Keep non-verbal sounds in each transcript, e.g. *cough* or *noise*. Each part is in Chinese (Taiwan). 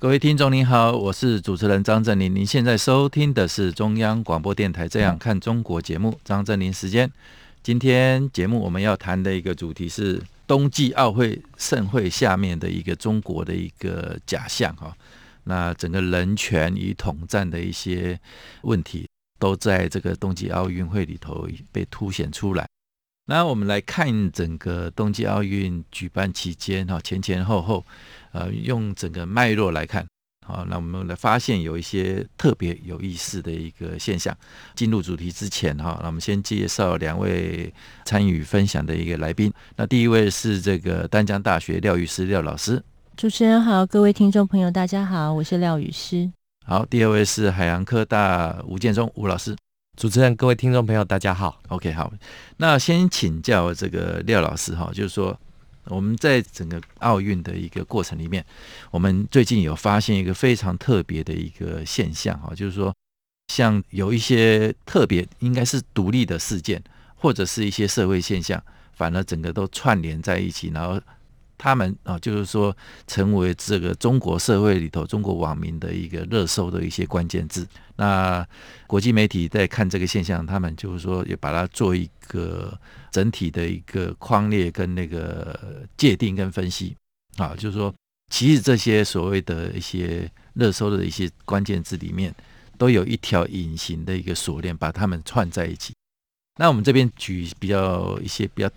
各位聽眾您好，我是主持人張正霖，您現在收聽的是中央廣播電臺《這樣看中國》節目，嗯、張正霖時間。今天節目我們要談的一個主題是冬季奧會盛會下面的一個中國的一個假象哈。那整個人權與統戰的一些問題，都在這個冬季奧運會裡頭被凸顯出來。那我們來看整個冬季奧運舉辦期間哈，前前後後，呃，用整個脈絡來看，好、哦，那我們來發現有一些特別有意思的一個現象。進入主題之前哈、哦，那我們先介紹兩位參與分享的一個來賓。那第一位是這個淡江大學廖雨詩廖老師。主持人好，各位聽眾朋友大家好，我是廖雨詩。好，第二位是海洋科大吳建忠吳老師。主持人、各位聽眾朋友，大家好。OK，好，那先請教這個廖老師哈，就是說我們在整個奧運的一個過程裡面，我們最近有發現一個非常特別的一個現象哈，就是說像有一些特別應該是獨立的事件，或者是一些社會現象，反而整個都串聯在一起，然後。他們啊，就是說成為這個中國社會裡頭中國網民的一個熱搜的一些關鍵字。那國際媒體在看這個現象，他們就是說也把它做一個整體的一個框列跟那個界定跟分析啊，就是說其實這些所謂的一些熱搜的一些關鍵字裡面，都有一條隱形的一個鎖鏈把它們串在一起。那我們這邊舉比較一些比較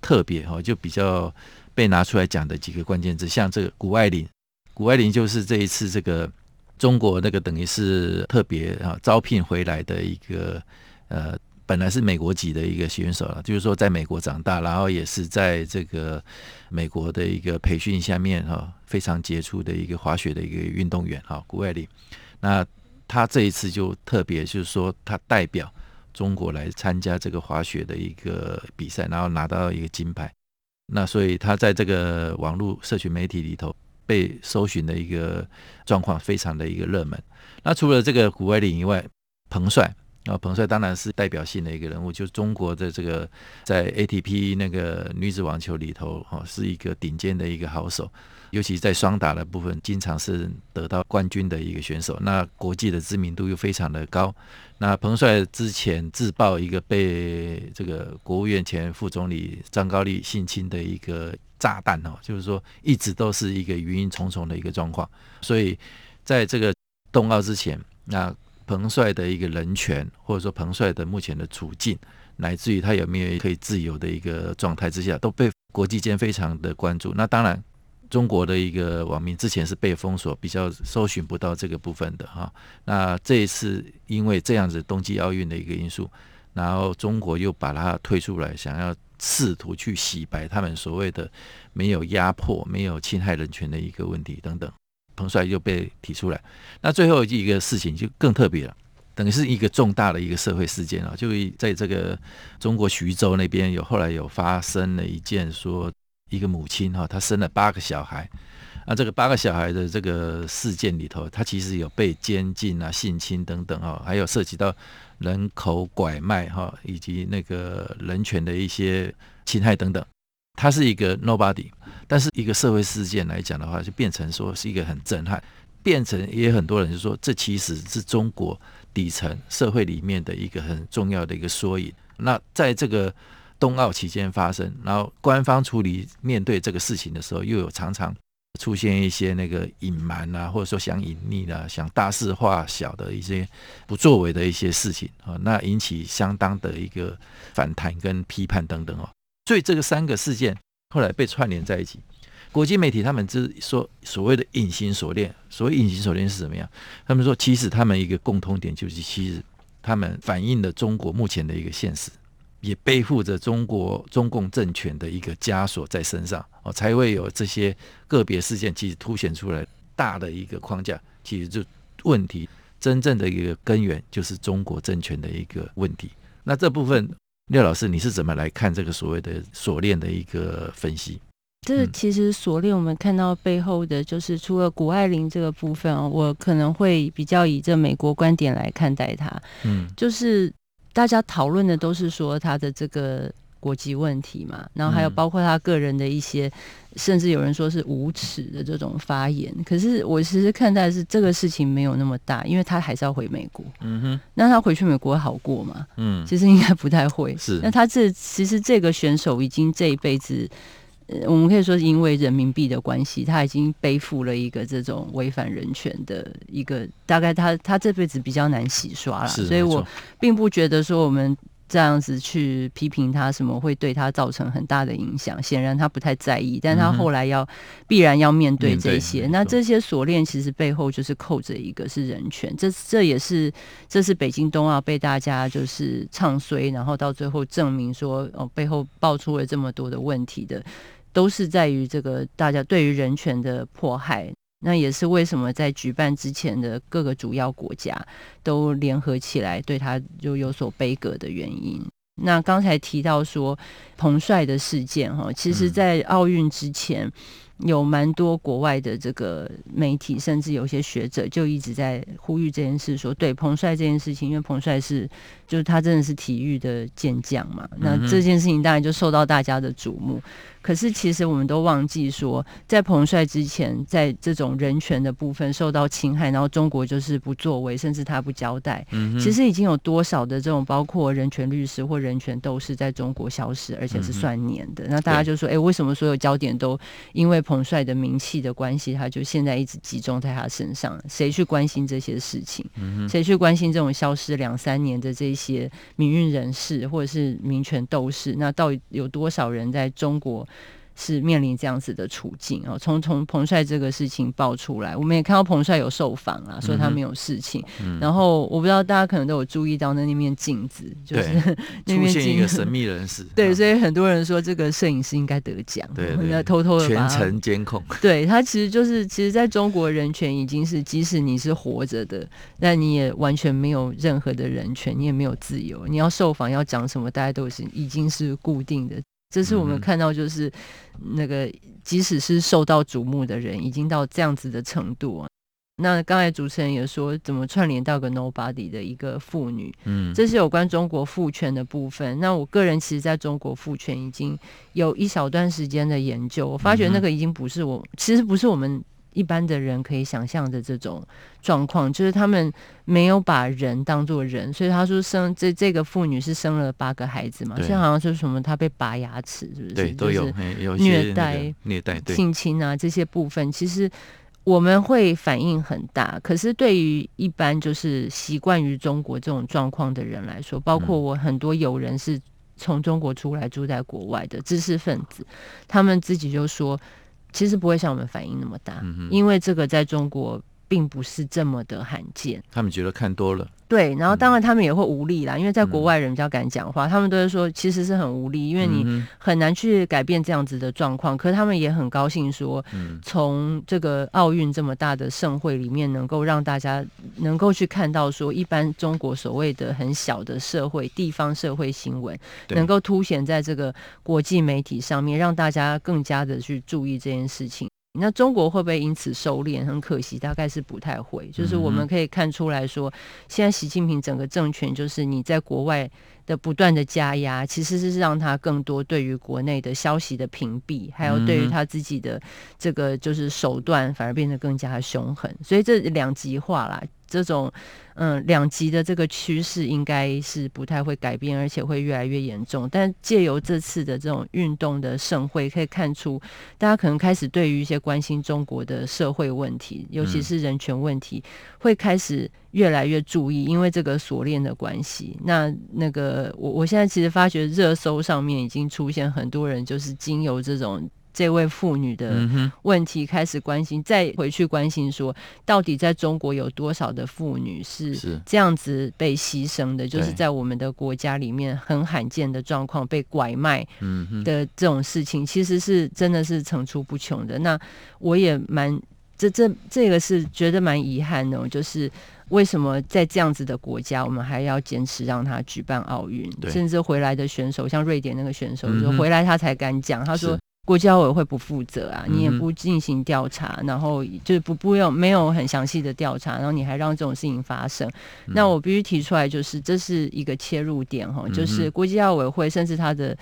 特別哈，就比較。被拿出來講的幾個關鍵字，像這個谷愛凌，谷愛凌就是這一次這個中國那個等於是特別啊招聘回來的一個呃本來是美國籍的一個選手了、啊，就是說在美國長大，然後也是在這個美國的一個培訓下面哈、啊、非常傑出的一個滑雪的一個運動員哈，谷愛凌，那他這一次就特別就是說他代表中國來參加這個滑雪的一個比賽，然後拿到一個金牌。那所以他在這個網絡社群媒體裡頭被搜尋的一個狀況非常的一個熱門。那除了這個谷愛凌以外，彭帥。那彭帥當然是代表性的一個人物，就是中國的這個在 ATP 那個女子網球裡頭哦、啊，是一個頂尖的一個好手，尤其在雙打的部分，經常是得到冠軍的一個選手。那國際的知名度又非常的高。那彭帥之前自曝一個被這個國務院前副總理張高麗性侵的一個炸彈哦、啊，就是說一直都是一個疑雲重重的一個狀況。所以在這個冬奧之前，那。彭帥的一個人權，或者說彭帥的目前的處境，乃至於他有沒有可以自由的一個狀態之下，都被國際間非常的關注。那當然，中國的一個網民之前是被封鎖，比較搜尋不到這個部分的哈。那這一次因為這樣子冬季奧運的一個因素，然後中國又把它推出來，想要試圖去洗白他們所謂的沒有壓迫、沒有侵害人權的一個問題等等。彭帥又被提出來，那最後一個事情就更特別了，等於是一個重大的一個社會事件啊，就是在這個中國徐州那邊有後來有發生了一件說，說一個母親哈、啊，她生了八個小孩，啊，這個八個小孩的這個事件裡頭，她其實有被監禁啊、性侵等等啊，還有涉及到人口拐賣哈、啊，以及那個人權的一些侵害等等。他是一個 nobody，但是一個社會事件來講的話，就變成說是一個很震撼，變成也很多人就說，這其實是中國底層社會裡面的一個很重要的一個縮影。那在這個冬奧期間發生，然後官方處理面對這個事情的時候，又有常常出現一些那個隱瞞啊，或者說想隱匿的啊，想大事化小的一些不作為的一些事情啊，那引起相當的一個反彈跟批判等等哦。所以這個三個事件後來被串聯在一起，國際媒體他們是說所謂的“隱形鎖鏈”，所謂“隱形鎖鏈”是什麼樣？他們說，其實他們一個共通點就是，其實他們反映了中國目前的一個現實，也背負着中國中共政權的一個枷鎖在身上哦，才會有這些個別事件，其實凸顯出來大的一個框架，其實就問題真正的一個根源就是中國政權的一個問題。那這部分。廖老師，你是怎麼來看這個所謂的鎖鏈的一個分析？這其實鎖鏈，我們看到背後的就是除了谷愛凌這個部分，我可能會比較以這美國觀點來看待它。嗯，就是大家討論的都是說他的這個。國籍問題嘛，然後還有包括他個人的一些，嗯、甚至有人說是無恥的這種發言。可是我其實看待的是這個事情沒有那麼大，因為他還是要回美國。嗯哼，那他回去美國好過嗎？嗯，其實應該不太會。是，那他這其實這個選手已經這一輩子，我們可以說是因為人民幣的關係，他已經背負了一個這種違反人權的一個，大概他他這輩子比較難洗刷了。是所以我並不覺得說我們。這樣子去批評他，什麼會對他造成很大的影響？顯然他不太在意，但他後來要、嗯、哼必然要面對這些。面對那這些鎖鏈其實背後就是扣着一個，是人權。這這也是這是北京冬奧被大家就是唱衰，然後到最後證明說，哦，背後爆出了這麼多的問題的，都是在於這個大家對於人權的迫害。那也是為什麼在舉辦之前的各個主要國家都聯合起來對他就有所杯葛的原因。那剛才提到說彭帥的事件哈，其實，在奧運之前有蠻多國外的這個媒體，甚至有些學者就一直在呼籲這件事說，說對彭帥這件事情，因為彭帥是就是他真的是體育的健將嘛，那這件事情當然就受到大家的矚目。可是，其實我們都忘記說，在彭帥之前，在這種人權的部分受到侵害，然後中國就是不作為，甚至他不交代。嗯、哼其實已經有多少的這種包括人權律師或人權鬥士在中國消失，而且是算年的。嗯、哼那大家就說，對哎，為什麼所有焦點都因為彭帥的名氣的關係，他就現在一直集中在他身上？誰去關心這些事情？誰去關心這種消失兩三年的這些民運人士或者是民權鬥士？那到底有多少人在中國？是面臨這樣子的處境哦。從從彭帥這個事情爆出來，我們也看到彭帥有受訪啊，說他沒有事情。嗯嗯、然後我不知道大家可能都有注意到那那面鏡子，就是對 *laughs* 那面鏡子出現一個神秘人士。嗯、對，所以很多人說這個攝影師應該得獎，應該對對對偷偷的，全程監控。對他其實就是其實在中國人權已經是，即使你是活着的，但你也完全沒有任何的人權，你也沒有自由。你要受訪要講什麼，大家都是已經是固定的。這是我們看到，就是那個，即使是受到矚目的人，已經到這樣子的程度啊。那剛才主持人也說，怎麼串聯到個 nobody 的一個婦女？嗯，這是有關中國父權的部分。那我個人其實，在中國父權已經有一小段時間的研究，我發覺那個已經不是我，其實不是我們一般的人可以想象的這種狀況，就是他們沒有把人當做人，所以他說生這這個婦女是生了八個孩子嘛，對所以好像說什麼她被拔牙齒，是不是？對，都有虐待、啊、虐待、性侵啊這些部分，其實我們會反應很大。可是對於一般就是習慣於中國這種狀況的人來說，包括我很多友人是從中國出來住在國外的知識分子，嗯、他們自己就說。其實不會像我們反應那麼大，嗯、哼因為這個在中國，並不是這麼的罕見。他們覺得看多了。對，然後當然他們也會無力啦，嗯、因為在國外人比較敢講話，嗯、他們都是說其實是很無力，因為你很難去改變這樣子的狀況。嗯、哼可是他們也很高興說，從這個奧運這麼大的盛會裡面，能夠讓大家能夠去看到說，一般中國所謂的很小的社會地方社會新聞，嗯、哼能夠凸顯在這個國際媒體上面，讓大家更加的去注意這件事情。那中國會不會因此收斂？很可惜，大概是不太會。就是我們可以看出來說，現在習近平整個政權，就是你在國外的不斷的加壓，其實是讓他更多對於國內的消息的屏蔽，還有對於他自己的這個就是手段，反而變得更加兇狠。所以這兩極化啦。這種，嗯，兩極的這個趨勢應該是不太會改變，而且會越來越嚴重。但借由這次的這種運動的盛會，可以看出，大家可能開始對於一些關心中國的社會問題，尤其是人權問題，嗯，會開始越來越注意。因為這個鎖鏈的關係，那那個我我現在其實發覺熱搜上面已經出現很多人，就是經由這種。這位婦女的問題開始關心，嗯、哼再回去關心說，到底在中國有多少的婦女是這樣子被犧牲的？是就是在我們的國家裡面很罕見的狀況，被拐賣的這種事情，嗯、哼其實是真的是層出不窮的。那我也蠻這這這個是覺得蠻遺憾的，就是為什麼在這樣子的國家，我們還要堅持讓他舉辦奧運？對甚至回來的選手，像瑞典那個選手，嗯、哼就回來他才敢講，他說。國際奧委會不負責啊，你也不進行調查，嗯、哼然後就是不不用沒有很詳細的調查，然後你還讓這種事情發生。嗯、哼那我必須提出來，就是這是一個切入點哈，就是國際奧委會甚至他的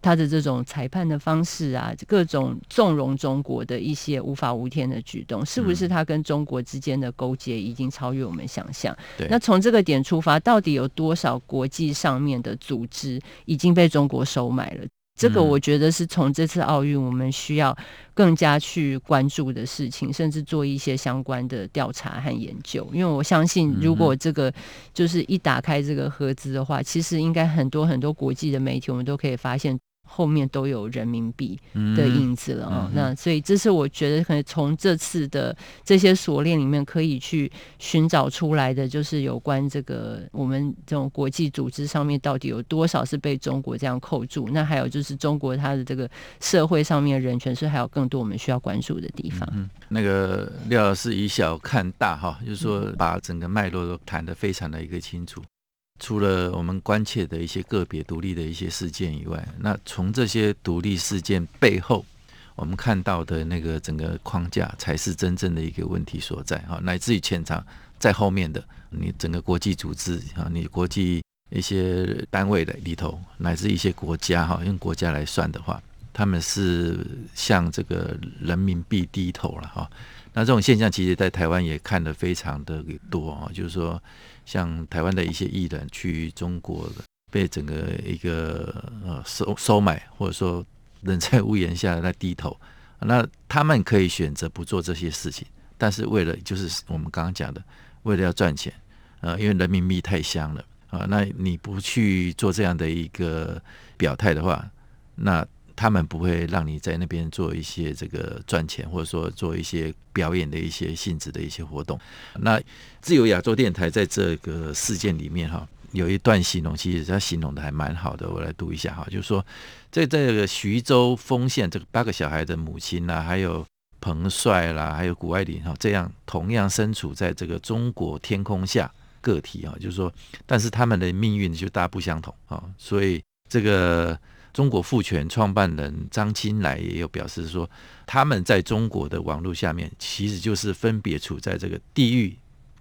他的這種裁判的方式啊，各種縱容中國的一些無法無天的舉動，是不是他跟中國之間的勾結已經超越我們想象？嗯、哼那從這個點出發，到底有多少國際上面的組織已經被中國收買了？這個我覺得是從這次奧運，我們需要更加去關注的事情，甚至做一些相關的調查和研究。因為我相信，如果這個就是一打開這個盒子的話，其實應該很多很多國際的媒體，我們都可以發現。後面都有人民幣的影子了。哦嗯嗯、那所以這是我覺得可能從這次的這些鎖鏈裡面可以去尋找出來的，就是有關這個我們這種國際組織上面到底有多少是被中國這樣扣住？那還有就是中國它的這個社會上面的人權，是還有更多我們需要關注的地方。嗯嗯、那個廖老師以小看大哈、哦，就是說把整個脈絡都談得非常的一個清楚。嗯除了我們關切的一些個別獨立的一些事件以外，那從這些獨立事件背後，我們看到的那個整個框架，才是真正的一個問題所在哈，乃至於潛藏在後面的你整個國際組織啊，你國際一些單位的裡頭，乃至一些國家哈，用國家來算的話，他們是向這個人民幣低頭了哈。那這種現象，其實在台灣也看得非常的多哈，就是說。像台灣的一些藝人去中國的，被整個一個呃、啊、收收買，或者說人在屋檐下，那低頭，那他們可以選擇不做這些事情，但是為了就是我們剛剛講的，為了要賺錢，呃、啊，因為人民幣太香了啊，那你不去做這樣的一個表態的話，那。他們不會讓你在那邊做一些這個賺錢，或者說做一些表演的一些性質的一些活動。那自由亞洲電台在這個事件裡面哈，有一段形容，其實他形容的還蠻好的，我來讀一下哈，就是說在這個徐州豐縣，這個八個小孩的母親吶，還有彭帥啦，還有谷愛凌哈，這樣同樣身處在這個中國天空下個體哈，就是說，但是他們的命運就大不相同啊，所以這個。中國父權創辦人張清來也有表示說，他們在中國的網絡下面，其實就是分別處在這個地獄、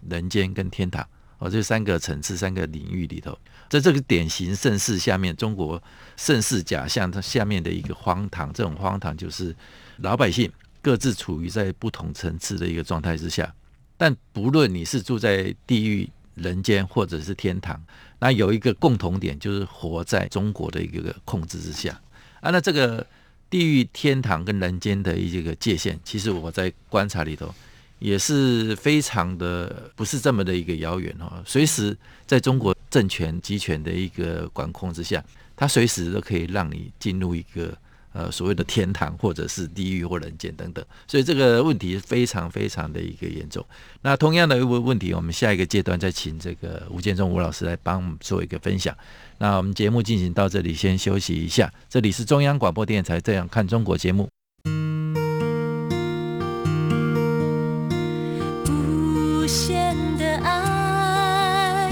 人間跟天堂哦，這三個層次、三個領域裡頭。在這個典型盛世下面，中國盛世假象它下面的一個荒唐，這種荒唐就是老百姓各自處於在不同層次的一個狀態之下。但不論你是住在地獄、人間或者是天堂，那有一個共同點，就是活在中國的一個一個控制之下啊。那這個地獄、天堂跟人間的一個界限，其實我在觀察裡頭也是非常的不是這麼的一個遙遠哦。隨時在中國政權集權的一個管控之下，它隨時都可以讓你進入一個。呃，所謂的天堂，或者是地獄或人間等等，所以這個問題非常非常的一個嚴重。那同樣的問問題，我們下一個階段再請這個吳建忠吳老師來幫我們做一個分享。那我們節目進行到這裡，先休息一下。這裡是中央廣播電臺《這樣看中國》節目。無限的愛，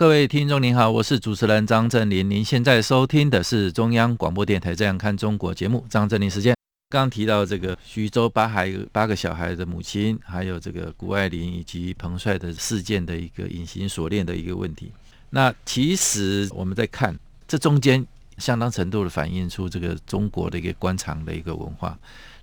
各位聽眾您好，我是主持人張正霖。您現在收聽的是中央廣播電臺《這樣看中國》節目，張正霖時間。剛剛提到這個徐州八孩八個小孩的母親，還有這個谷愛凌以及彭帥的事件的一個隱形鎖鏈的一個問題。那其實我們在看這中間，相當程度的反映出這個中國的一個官場的一個文化。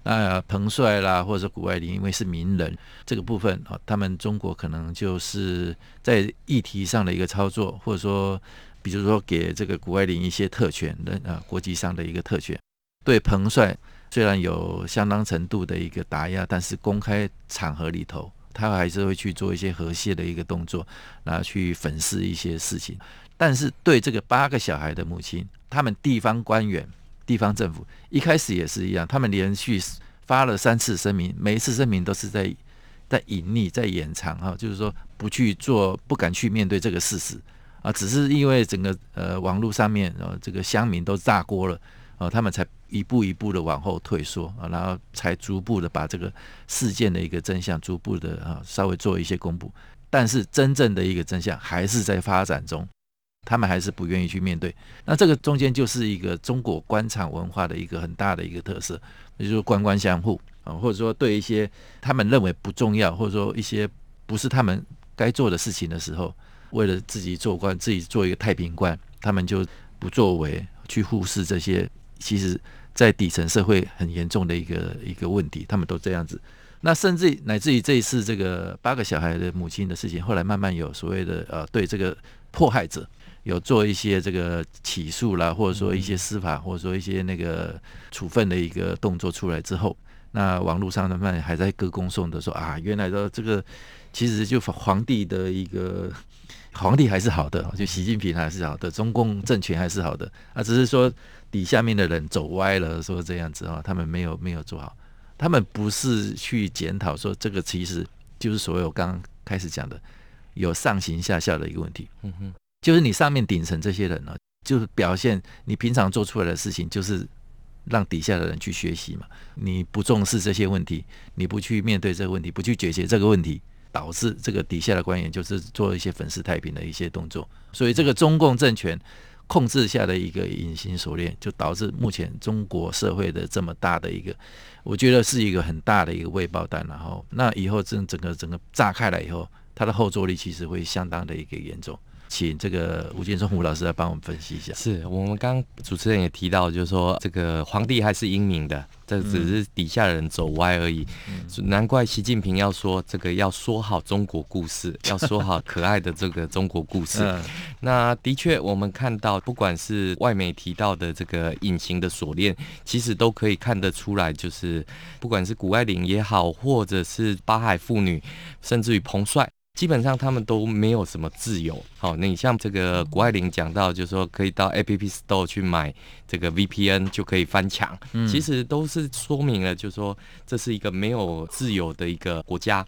那啊，彭帥啦，或者說谷愛凌，因為是名人，這個部分啊，他們中國可能就是在議題上的一個操作，或者說，比如說給這個谷愛凌一些特權的啊，國際上的一個特權。對彭帥，雖然有相當程度的一個打壓，但是公開場合裡頭，他還是會去做一些和諧的一個動作，然後去粉飾一些事情。但是對這個八個小孩的母親，他們地方官員。地方政府一開始也是一樣，他們連續發了三次聲明，每一次聲明都是在在隱匿、在掩藏哈，就是說不去做、不敢去面對這個事實啊，只是因為整個呃網絡上面呃、啊，這個鄉民都炸鍋了啊，他們才一步一步的往後退縮啊，然後才逐步的把這個事件的一個真相逐步的啊稍微做一些公布，但是真正的一個真相還是在發展中。他們還是不願意去面對，那這個中間就是一個中國官場文化的一個很大的一個特色，也就是官官相護啊，或者說對一些他們認為不重要，或者說一些不是他們該做的事情的時候，為了自己做官，自己做一個太平官，他們就不作為，去忽視這些，其實在底層社會很嚴重的一個一個問題，他們都這樣子。那甚至乃至於這一次這個八個小孩的母親的事情，後來慢慢有所謂的呃，對這個迫害者。有做一些這個起訴啦，或者說一些司法，或者說一些那個處分的一個動作出來之後，那網絡上的人們還在歌功頌德，說啊，原來的這個其實就皇帝的一個，皇帝還是好的，就習近平還是好的，中共政權還是好的啊，只是說底下面的人走歪了，說這樣子啊，他們沒有沒有做好，他們不是去檢討說這個其實就是所謂我剛剛開始講的有上行下效的一個問題，嗯哼。就是你上面頂層這些人呢，就是表現你平常做出來的事情，就是讓底下的人去學習嘛。你不重視這些問題，你不去面對這個問題，不去解決這個問題，導致這個底下的官員就是做一些粉飾太平的一些動作。所以，這個中共政權控制下的一個隱形鎖鏈，就導致目前中國社會的這麼大的一個，我覺得是一個很大的一個未爆彈。然後，那以後這整個整個炸開來以後，它的後坐力其實會相當的一個嚴重。請這個吳建忠吳老師來幫我們分析一下，是我們剛剛主持人也提到，就是說這個皇帝還是英明的，這只是底下人走歪而已。嗯、難怪習近平要說這個要說好中國故事，要說好可愛的這個中國故事。 *laughs* 那的確，我們看到不管是外媒提到的這個隱形的鎖鏈，其實都可以看得出來，就是不管是谷愛凌也好，或者是八孩婦女，甚至於彭帥。基本上他們都沒有什麼自由。好，那你像這個谷愛凌講到，就是說可以到 App Store 去買這個 VPN 就可以翻牆。嗯，其實都是說明了，就是說這是一個沒有自由的一個國家。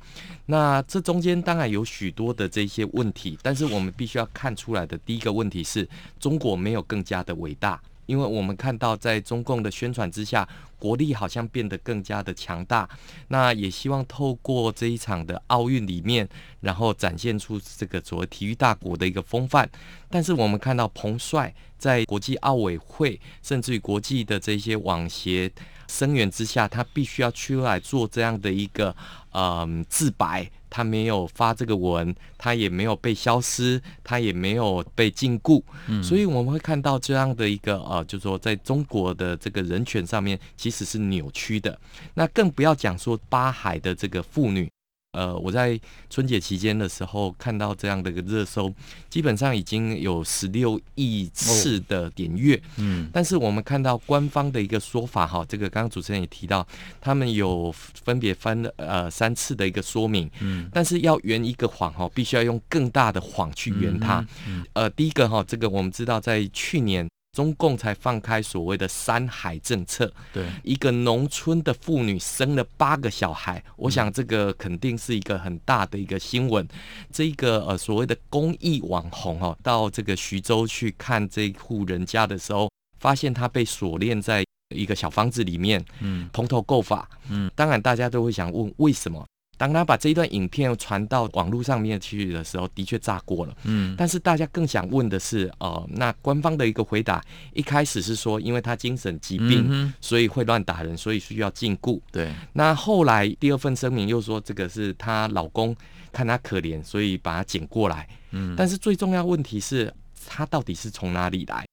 那這中間當然有許多的這些問題，但是我們必須要看出來的第一個問題是，中國沒有更加的偉大。因為我們看到，在中共的宣傳之下，國力好像變得更加的強大。那也希望透過這一場的奧運裡面，然後展現出這個所謂體育大國的一個風範。但是我們看到彭帥在國際奧委會，甚至於國際的這些網協聲援之下，他必須要出來做這樣的一個，嗯、呃，自白。他沒有發這個文，他也沒有被消失，他也沒有被禁錮，嗯、所以我們會看到這樣的一個呃，就是說在中國的這個人權上面其實是扭曲的。那更不要講說八孩的這個婦女。呃，我在春節期間的時候看到這樣的一個熱搜，基本上已經有十六億次的點閱哦。嗯，但是我們看到官方的一個說法哈，這個剛剛主持人也提到，他們有分別分了呃三次的一個說明。嗯，但是要圓一個謊哈，必須要用更大的謊去圓它。嗯嗯嗯、呃，第一個哈，這個我們知道在去年。中共才放開所謂的三孩政策，對一個農村的婦女生了八個小孩，我想這個肯定是一個很大的一個新聞。嗯、這個呃所謂的公益網紅哦，到這個徐州去看這戶人家的時候，發現他被鎖鏈在一個小房子裡面，嗯，蓬頭垢髮，嗯，當然大家都會想問為什麼。當他把這一段影片傳到網絡上面去的時候，的確炸鍋了。嗯，但是大家更想問的是，哦、呃，那官方的一個回答一開始是說，因為她精神疾病，嗯、哼所以會亂打人，所以需要禁錮。對。那後來第二份聲明又說，這個是她老公看她可憐，所以把她撿過來。嗯。但是最重要問題是，她到底是從哪裡來？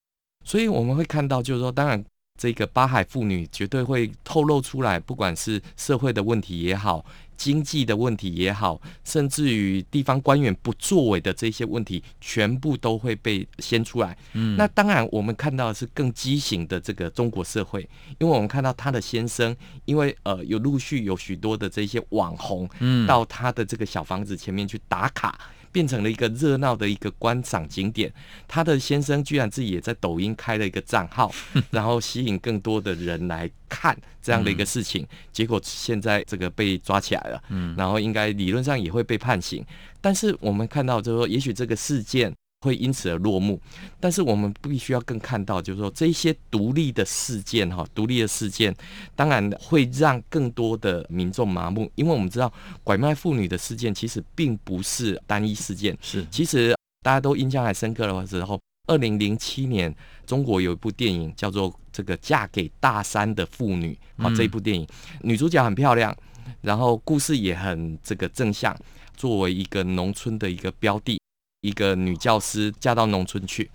所以我們會看到，就是說，當然這個八孩婦女絕對會透露出來，不管是社會的問題也好，經濟的問題也好，甚至於地方官員不作為的這些問題，全部都會被掀出來。嗯，那當然，我們看到的是更畸形的這個中國社會，因為我們看到他的先生，因為呃，有陸續有許多的這些網紅，嗯，到他的這個小房子前面去打卡。變成了一個熱鬧的一個觀賞景點，他的先生居然自己也在抖音開了一個賬號，然後吸引更多的人來看這樣的一個事情，結果現在這個被抓起來了，然後應該理論上也會被判刑，但是我們看到就是說，也許這個事件。會因此而落幕，但是我們必須要更看到，就是說這些獨立的事件，哈，獨立的事件，當然會讓更多的民眾麻木，因為我們知道拐賣婦女的事件其實並不是單一事件，是，其實大家都印象還深刻的，時候，二零零七年中國有一部電影叫做這個《嫁給大山的婦女》，好、嗯，這一部電影女主角很漂亮，然後故事也很這個正向，作為一個農村的一個標的。一個女教師嫁到農村去，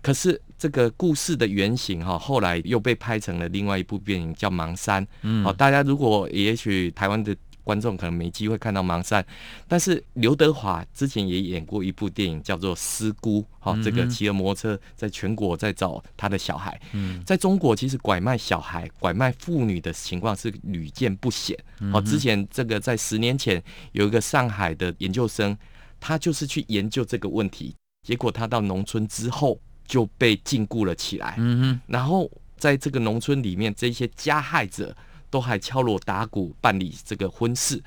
可是這個故事的原型哈，後來又被拍成了另外一部電影，叫《盲山》。好、嗯，大家如果也許台灣的觀眾可能沒機會看到《盲山》，但是劉德華之前也演過一部電影，叫做《失孤》。好、嗯哼，這個騎着摩托車在全國在找他的小孩。嗯，在中國其實拐賣小孩、拐賣婦女的情況是屢見不鮮。好，之前這個在十年前有一個上海的研究生。他就是去研究這個問題，結果他到農村之後就被禁錮了起來。嗯哼。然後在這個農村裡面，這些加害者都還敲鑼打鼓辦理這個婚事。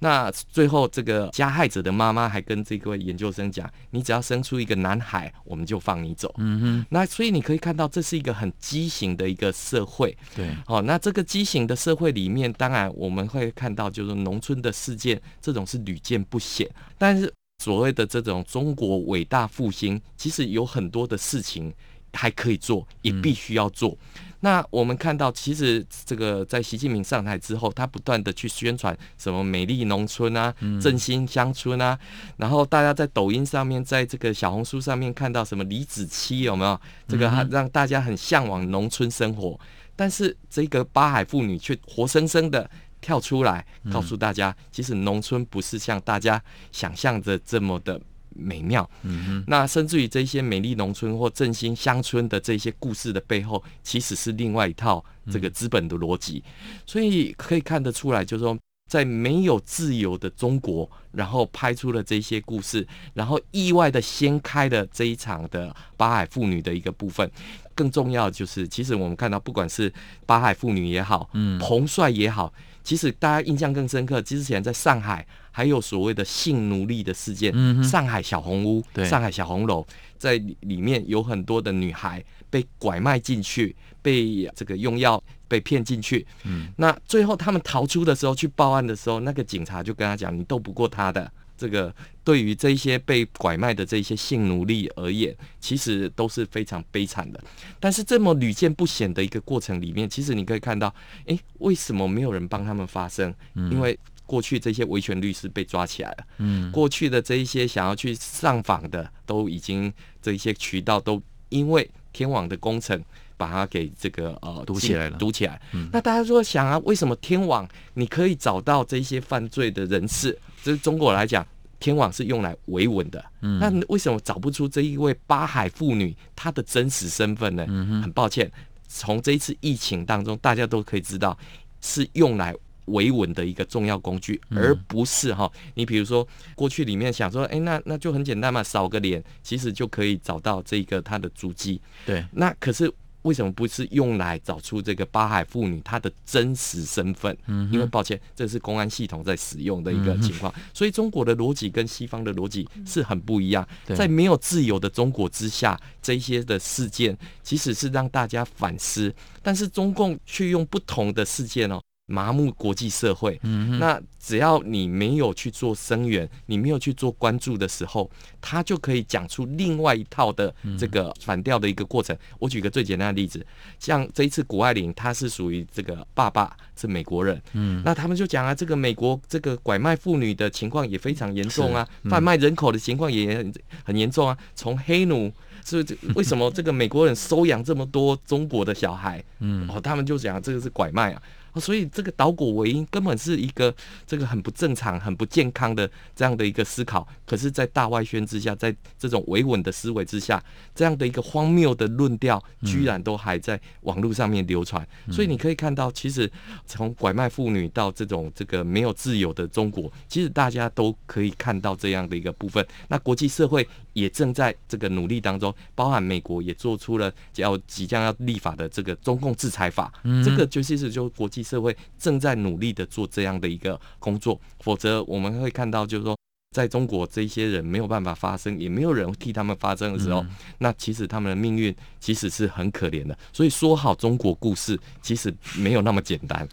那最後，這個加害者的媽媽還跟這個研究生講：“你只要生出一個男孩，我們就放你走。”嗯哼。那所以你可以看到，這是一個很畸形的一個社會。對。哦，那這個畸形的社會裡面，當然我們會看到，就是農村的事件這種是屢見不鮮，但是。所謂的這種中國偉大復興，其實有很多的事情還可以做，也必須要做。嗯、那我們看到，其實這個在習近平上台之後，他不斷的去宣傳什麼美麗農村啊，嗯、振興鄉村啊。然後大家在抖音上面，在這個小紅書上面看到什麼李子柒，有沒有？這個讓大家很向往農村生活。嗯嗯但是這個八孩婦女卻活生生的。跳出來告訴大家，嗯、其實農村不是像大家想象的這麼的美妙。嗯哼，那甚至於這些美麗農村或振興鄉村的這些故事的背後，其實是另外一套這個資本的邏輯。嗯、所以可以看得出來，就是說，在沒有自由的中國，然後拍出了這些故事，然後意外的掀開了這一場的八孩婦女的一個部分。更重要就是，其實我們看到，不管是八孩婦女也好，嗯，彭帥也好。其實大家印象更深刻，之前在上海還有所謂的性奴隸的事件，嗯、哼上海小紅屋、對上海小紅樓，在裡面有很多的女孩被拐賣進去，被這個用藥被騙進去。嗯、那最後他們逃出的時候去報案的時候，那個警察就跟他講：“你鬥不過他的。”這個對於這些被拐賣的這些性奴隸而言，其實都是非常悲慘的。但是這麼屢見不鮮的一個過程裡面，其實你可以看到，哎，為什麼沒有人幫他們發聲？嗯，因為過去這些維權律師被抓起來了，嗯，過去的這一些想要去上訪的，都已經這一些渠道都因為天網的工程。把它給這個呃堵起來了，堵起來。嗯、那大家說想啊，為什麼天網你可以找到這些犯罪的人士？這、就是、中國來講，天網是用來維穩的。嗯、那你為什麼找不出這一位八孩婦女她的真實身份呢？嗯、哼很抱歉，從這一次疫情當中，大家都可以知道是用來維穩的一個重要工具，而不是哈。你比如說，過去裡面想說，哎、欸，那那就很簡單嘛，掃個臉，其實就可以找到這個他的足跡。對，那可是。為什麼不是用來找出這個八孩婦女她的真實身份？嗯，因為抱歉，這是公安系統在使用的一個情況。所以中國的邏輯跟西方的邏輯是很不一樣。在沒有自由的中國之下，這些的事件其實是讓大家反思，但是中共卻用不同的事件哦。麻木國際社會，嗯哼，那只要你沒有去做聲援，你沒有去做關注的時候，他就可以講出另外一套的這個反調的一個過程。嗯、哼我舉個最簡單的例子，像這一次谷愛凌，他是屬於這個爸爸是美國人，嗯，那他們就講啊，這個美國這個拐賣婦女的情況也非常嚴重啊，嗯、販賣人口的情況也很很嚴重啊，從黑奴是不是？為什麼這個美國人收養這麼多中國的小孩？嗯，哦，他們就講、啊、這個是拐賣啊。所以這個倒果為因根本是一個這個很不正常、很不健康的這樣的一個思考。可是，在大外宣之下，在這種維穩的思維之下，這樣的一個荒謬的論調，居然都還在網絡上面流傳。所以你可以看到，其實從拐賣婦女到這種這個沒有自由的中國，其實大家都可以看到這樣的一個部分。那國際社會。也正在這個努力當中，包含美國也做出了要即將要立法的這個中共制裁法，嗯、這個就其實就國際社會正在努力的做這樣的一個工作，否則我們會看到就是說。在中國，這些人沒有辦法發聲，也沒有人替他們發聲的時候，嗯、那其實他們的命運其實是很可憐的。所以說好中國故事，其實沒有那麼簡單。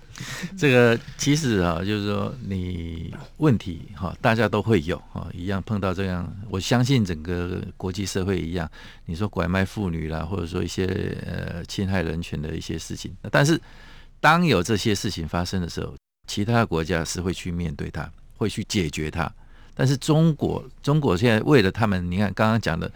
這個其實啊，就是說你問題哈，大家都會有哈，一樣碰到這樣。我相信整個國際社會一樣，你說拐賣婦女啦，或者說一些呃侵害人權的一些事情。但是當有這些事情發生的時候，其他國家是會去面對它，會去解決它。但是中國，中國現在為了他們，你看剛剛講的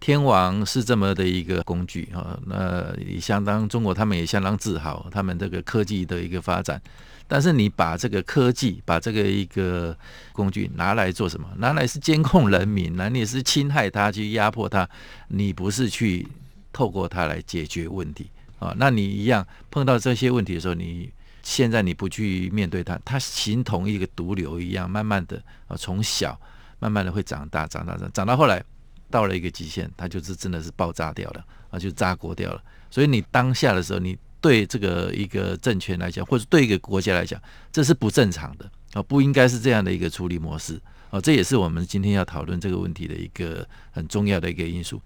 天網，是這麼的一個工具啊、哦，那也相當中國，他們也相當自豪他們這個科技的一個發展。但是你把這個科技，把這個一個工具拿來做什麼？拿來是監控人民，那你是侵害他，去壓迫他，你不是去透過他來解決問題啊、哦？那你一樣碰到這些問題的時候，你。現在你不去面對它，它形同一個毒瘤一樣，慢慢的啊，從小慢慢的會長大，長大長大，長到後來到了一個極限，它就是真的是爆炸掉了啊，就炸國掉了。所以你當下的時候，你對這個一個政權來講，或者對一個國家來講，這是不正常的啊，不應該是這樣的一個處理模式啊，這也是我們今天要討論這個問題的一個很重要的一個因素。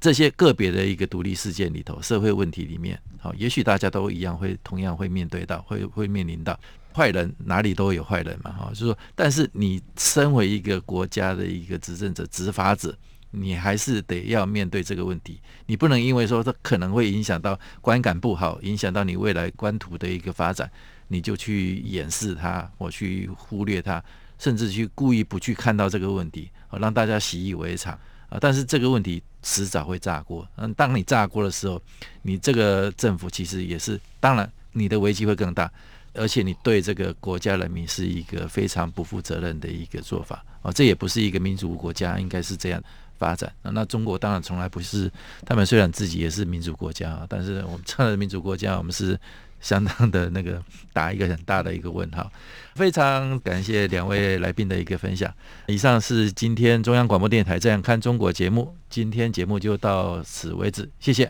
這些個別的一個獨立事件裡頭，社會問題裡面，好，也許大家都一樣會，會同樣會面對到，會會面臨到壞人，哪裡都有壞人嘛，哈，就是說，但是你身為一個國家的一個執政者、執法者，你還是得要面對這個問題，你不能因為說他可能會影響到觀感不好，影響到你未來官途的一個發展，你就去掩飾它，我去忽略它，甚至去故意不去看到這個問題，好讓大家習以為常。啊！但是這個問題遲早會炸鍋。嗯，當你炸鍋的時候，你這個政府其實也是，當然你的危機會更大，而且你對這個國家人民是一個非常不負責任的一個做法。啊、哦，這也不是一個民主國家，應該是這樣發展、啊。那中國當然從來不是。他們雖然自己也是民主國家，但是我們這樣的民主國家，我們是。相當的那個打一個很大的一個問號，非常感謝兩位來賓的一個分享。以上是今天中央廣播電臺《這樣看中國》節目，今天節目就到此為止，謝謝。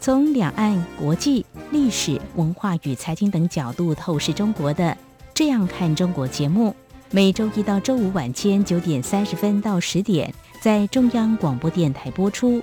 從兩岸國際、歷史、文化與財經等角度透視中國的《這樣看中國》節目，每週一到週五晚間九點三十分到十點，在中央廣播電臺播出。